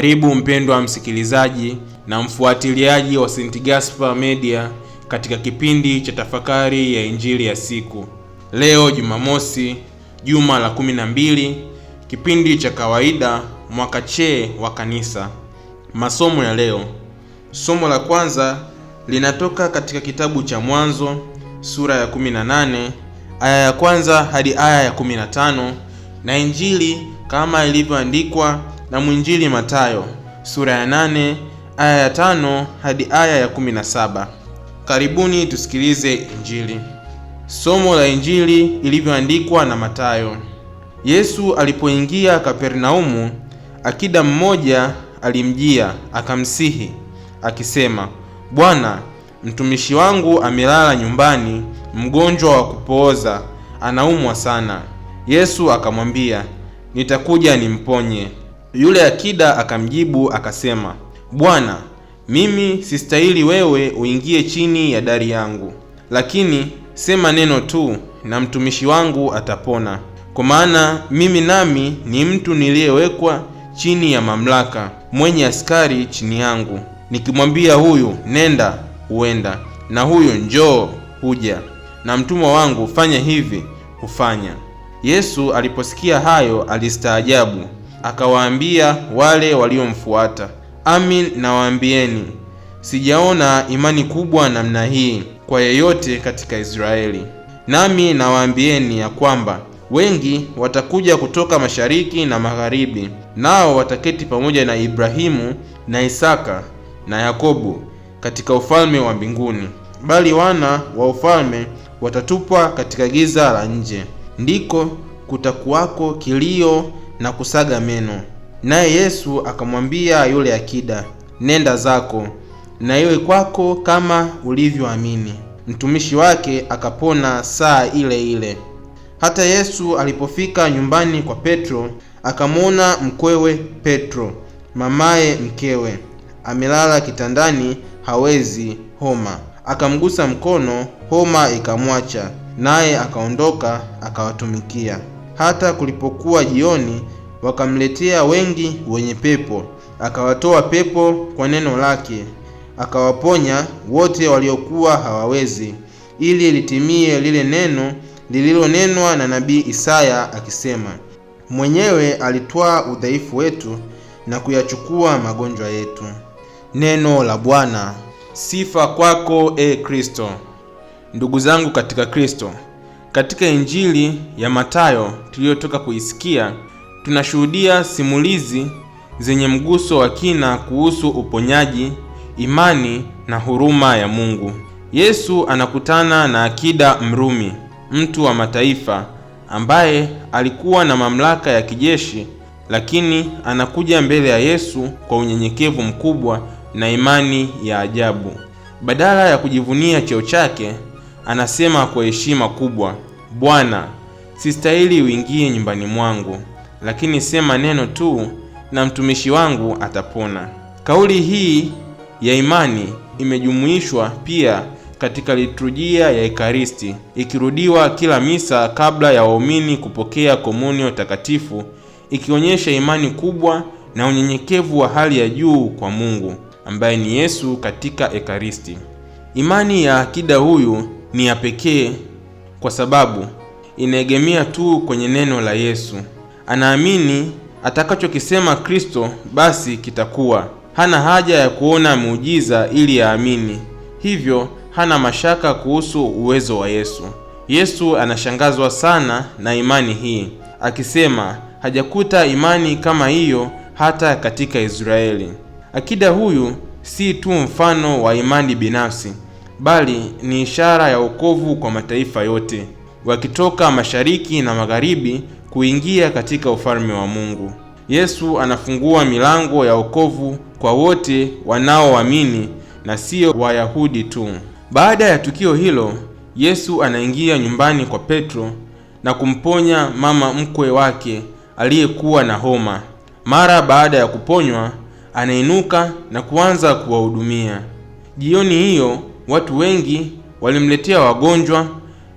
Karibu mpendwa msikilizaji na mfuatiliaji wa St. Gaspar Media katika kipindi cha tafakari ya injili ya siku. Leo Jumamosi, juma la 12, kipindi cha kawaida, mwaka C wa Kanisa. Masomo ya leo, somo la kwanza linatoka katika kitabu cha Mwanzo sura ya 18 aya ya kwanza hadi aya ya 15 na injili kama ilivyoandikwa na mwinjili Matayo sura ya nane aya ya tano hadi aya ya kumi na saba. Karibuni tusikilize Injili. Somo la Injili ilivyoandikwa na Matayo. Yesu alipoingia Kapernaumu, akida mmoja alimjia akamsihi akisema, Bwana, mtumishi wangu amelala nyumbani, mgonjwa wa kupooza, anaumwa sana. Yesu akamwambia, nitakuja nimponye. Yule akida akamjibu akasema, Bwana, mimi sistahili wewe uingie chini ya dari yangu, lakini sema neno tu na mtumishi wangu atapona, kwa maana mimi nami ni mtu niliyewekwa chini ya mamlaka, mwenye askari chini yangu, nikimwambia huyu nenda, huenda, na huyu njoo, huja, na mtumwa wangu fanya hivi, hufanya. Yesu aliposikia hayo alistaajabu akawaambia wale waliomfuata, amin nawaambieni, sijaona imani kubwa namna hii kwa yeyote katika Israeli. Nami nawaambieni ya kwamba wengi watakuja kutoka mashariki na magharibi, nao wataketi pamoja na Ibrahimu na Isaka na Yakobo katika ufalme wa mbinguni, bali wana wa ufalme watatupwa katika giza la nje, ndiko kutakuwako kilio na kusaga meno. Naye Yesu akamwambia yule akida, nenda zako na iwe kwako kama ulivyoamini. Mtumishi wake akapona saa ile ile. Hata Yesu alipofika nyumbani kwa Petro, akamwona mkwewe Petro, mamaye mkewe, amelala kitandani, hawezi homa. Akamgusa mkono, homa ikamwacha, naye akaondoka akawatumikia hata kulipokuwa jioni, wakamletea wengi wenye pepo, akawatoa pepo kwa neno lake, akawaponya wote waliokuwa hawawezi, ili litimie lile neno lililonenwa na nabii Isaya akisema, mwenyewe alitwaa udhaifu wetu na kuyachukua magonjwa yetu. Neno la Bwana. Sifa kwako, e Kristo. Ndugu zangu katika Kristo, katika Injili ya Mathayo tuliyotoka kuisikia, tunashuhudia simulizi zenye mguso wa kina kuhusu uponyaji, imani na huruma ya Mungu. Yesu anakutana na akida Mrumi, mtu wa mataifa ambaye alikuwa na mamlaka ya kijeshi, lakini anakuja mbele ya Yesu kwa unyenyekevu mkubwa na imani ya ajabu. Badala ya kujivunia cheo chake Anasema kwa heshima kubwa, Bwana, sistahili uingie nyumbani mwangu, lakini sema neno tu na mtumishi wangu atapona. Kauli hii ya imani imejumuishwa pia katika liturujia ya Ekaristi, ikirudiwa kila misa kabla ya waumini kupokea komunio takatifu, ikionyesha imani kubwa na unyenyekevu wa hali ya juu kwa Mungu ambaye ni Yesu katika Ekaristi. Imani ya akida huyu ni ya pekee kwa sababu inaegemea tu kwenye neno la Yesu. Anaamini atakachokisema Kristo basi kitakuwa. Hana haja ya kuona muujiza ili aamini, hivyo hana mashaka kuhusu uwezo wa Yesu. Yesu anashangazwa sana na imani hii, akisema hajakuta imani kama hiyo hata katika Israeli. Akida huyu si tu mfano wa imani binafsi bali ni ishara ya wokovu kwa mataifa yote, wakitoka mashariki na magharibi kuingia katika ufalme wa Mungu. Yesu anafungua milango ya wokovu kwa wote wanaoamini na siyo Wayahudi tu. Baada ya tukio hilo, Yesu anaingia nyumbani kwa Petro na kumponya mama mkwe wake aliyekuwa na homa. Mara baada ya kuponywa, anainuka na kuanza kuwahudumia. Jioni hiyo watu wengi walimletea wagonjwa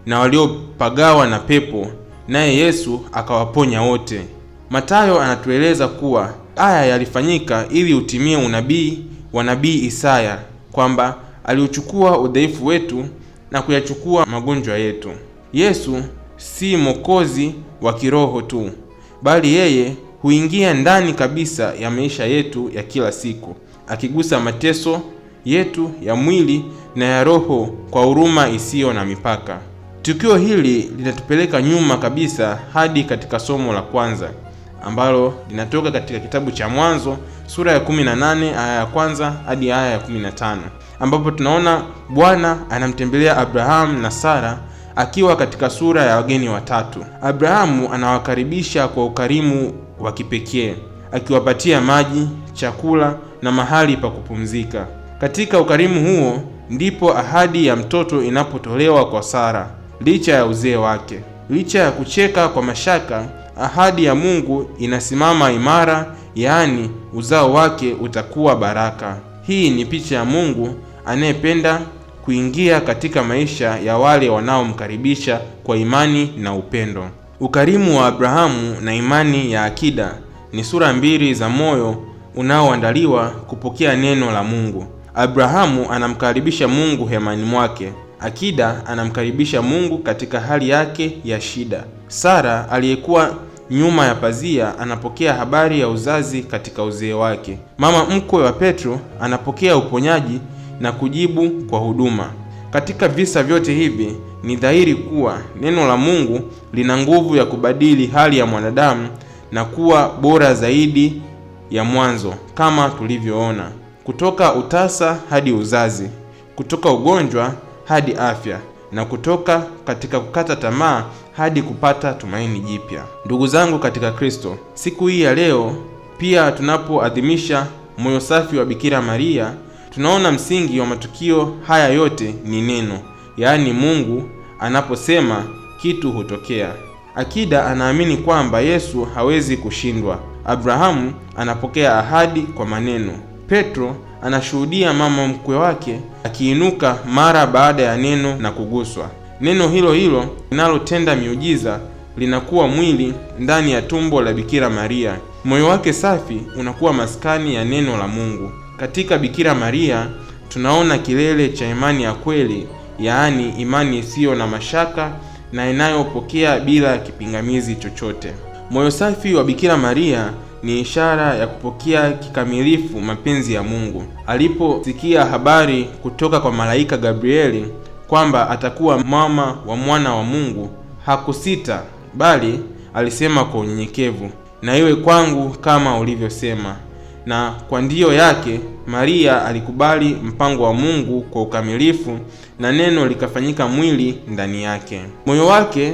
na waliopagawa na pepo, naye Yesu akawaponya wote. Matayo anatueleza kuwa haya yalifanyika ili utimie unabii wa nabii Isaya kwamba aliuchukua udhaifu wetu na kuyachukua magonjwa yetu. Yesu si mwokozi wa kiroho tu, bali yeye huingia ndani kabisa ya maisha yetu ya kila siku, akigusa mateso yetu ya mwili na ya Roho kwa huruma isiyo na mipaka. Tukio hili linatupeleka nyuma kabisa hadi katika somo la kwanza ambalo linatoka katika kitabu cha Mwanzo sura ya 18 aya ya kwanza hadi aya ya 15, ambapo tunaona Bwana anamtembelea Abrahamu na Sara akiwa katika sura ya wageni watatu. Abrahamu anawakaribisha kwa ukarimu wa kipekee, akiwapatia maji, chakula na mahali pa kupumzika. Katika ukarimu huo, ndipo ahadi ya mtoto inapotolewa kwa Sara licha ya uzee wake. Licha ya kucheka kwa mashaka, ahadi ya Mungu inasimama imara, yaani uzao wake utakuwa baraka. Hii ni picha ya Mungu anayependa kuingia katika maisha ya wale wanaomkaribisha kwa imani na upendo. Ukarimu wa Abrahamu na imani ya akida ni sura mbili za moyo unaoandaliwa kupokea neno la Mungu. Abrahamu anamkaribisha Mungu hemani mwake. Akida anamkaribisha Mungu katika hali yake ya shida. Sara aliyekuwa nyuma ya pazia anapokea habari ya uzazi katika uzee wake. Mama mkwe wa Petro anapokea uponyaji na kujibu kwa huduma. Katika visa vyote hivi ni dhahiri kuwa neno la Mungu lina nguvu ya kubadili hali ya mwanadamu na kuwa bora zaidi ya mwanzo kama tulivyoona kutoka utasa hadi uzazi, kutoka ugonjwa hadi afya na kutoka katika kukata tamaa hadi kupata tumaini jipya. Ndugu zangu katika Kristo, siku hii ya leo pia tunapoadhimisha moyo safi wa Bikira Maria, tunaona msingi wa matukio haya yote ni neno, yaani Mungu anaposema kitu hutokea. Akida anaamini kwamba Yesu hawezi kushindwa. Abrahamu anapokea ahadi kwa maneno. Petro anashuhudia mama mkwe wake akiinuka mara baada ya neno na kuguswa. Neno hilo hilo linalotenda miujiza linakuwa mwili ndani ya tumbo la Bikira Maria. Moyo wake safi unakuwa maskani ya neno la Mungu. Katika Bikira Maria tunaona kilele cha imani ya kweli, yaani imani isiyo na mashaka na inayopokea bila kipingamizi chochote. Moyo safi wa Bikira Maria ni ishara ya kupokea kikamilifu mapenzi ya Mungu. Aliposikia habari kutoka kwa malaika Gabrieli kwamba atakuwa mama wa mwana wa Mungu, hakusita bali alisema kwa unyenyekevu, na iwe kwangu kama ulivyosema. Na kwa ndiyo yake Maria alikubali mpango wa Mungu kwa ukamilifu, na neno likafanyika mwili ndani yake. Moyo wake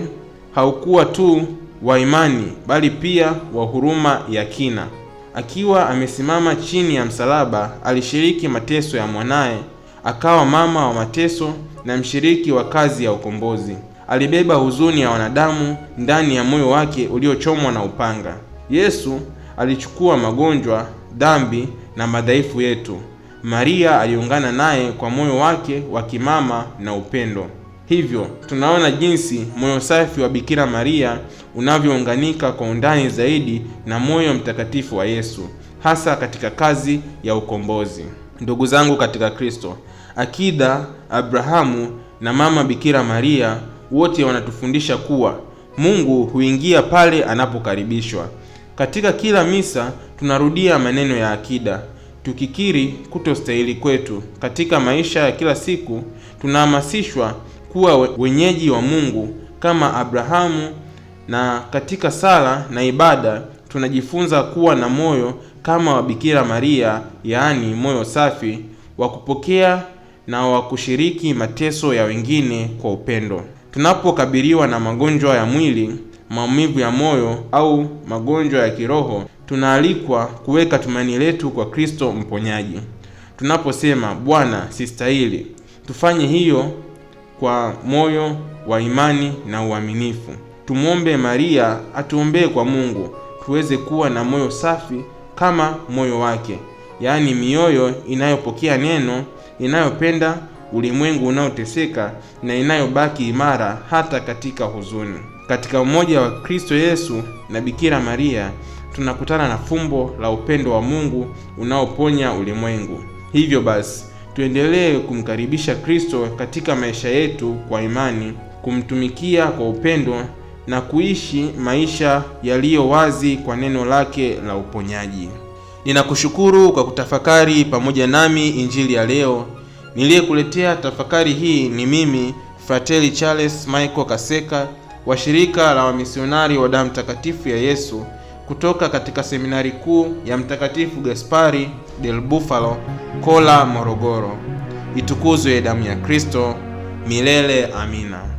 haukuwa tu wa imani, bali pia wa huruma ya kina. Akiwa amesimama chini ya msalaba, alishiriki mateso ya mwanaye, akawa mama wa mateso na mshiriki wa kazi ya ukombozi. Alibeba huzuni ya wanadamu ndani ya moyo wake uliochomwa na upanga. Yesu alichukua magonjwa, dhambi na madhaifu yetu. Maria aliungana naye kwa moyo wake wa kimama na upendo. Hivyo tunaona jinsi moyo safi wa Bikira Maria unavyounganika kwa undani zaidi na moyo mtakatifu wa Yesu hasa katika kazi ya ukombozi. Ndugu zangu katika Kristo, akida Abrahamu na mama Bikira Maria wote wanatufundisha kuwa Mungu huingia pale anapokaribishwa. Katika kila misa tunarudia maneno ya akida tukikiri kutostahili kwetu. Katika maisha ya kila siku tunahamasishwa kuwa wenyeji wa Mungu kama Abrahamu, na katika sala na ibada tunajifunza kuwa na moyo kama wa Bikira Maria, yaani moyo safi wa kupokea na wa kushiriki mateso ya wengine kwa upendo. Tunapokabiliwa na magonjwa ya mwili, maumivu ya moyo au magonjwa ya kiroho, tunaalikwa kuweka tumaini letu kwa Kristo mponyaji. Tunaposema Bwana, sistahili, tufanye hiyo kwa moyo wa imani na uaminifu. Tumwombe Maria atuombee kwa Mungu tuweze kuwa na moyo safi kama moyo wake, yaani mioyo inayopokea neno, inayopenda ulimwengu unaoteseka na inayobaki imara hata katika huzuni. Katika umoja wa Kristo Yesu na Bikira Maria tunakutana na fumbo la upendo wa Mungu unaoponya ulimwengu. Hivyo basi tuendelee kumkaribisha Kristo katika maisha yetu kwa imani, kumtumikia kwa upendo na kuishi maisha yaliyo wazi kwa neno lake la uponyaji. Ninakushukuru kwa kutafakari pamoja nami injili ya leo. Niliyekuletea tafakari hii ni mimi Frateli Charles Michael Kaseka wa shirika la wamisionari wa damu takatifu ya Yesu kutoka katika seminari kuu ya Mtakatifu Gaspari del buffalo Kola, Morogoro. Itukuzwe damu ya Kristo! Milele amina!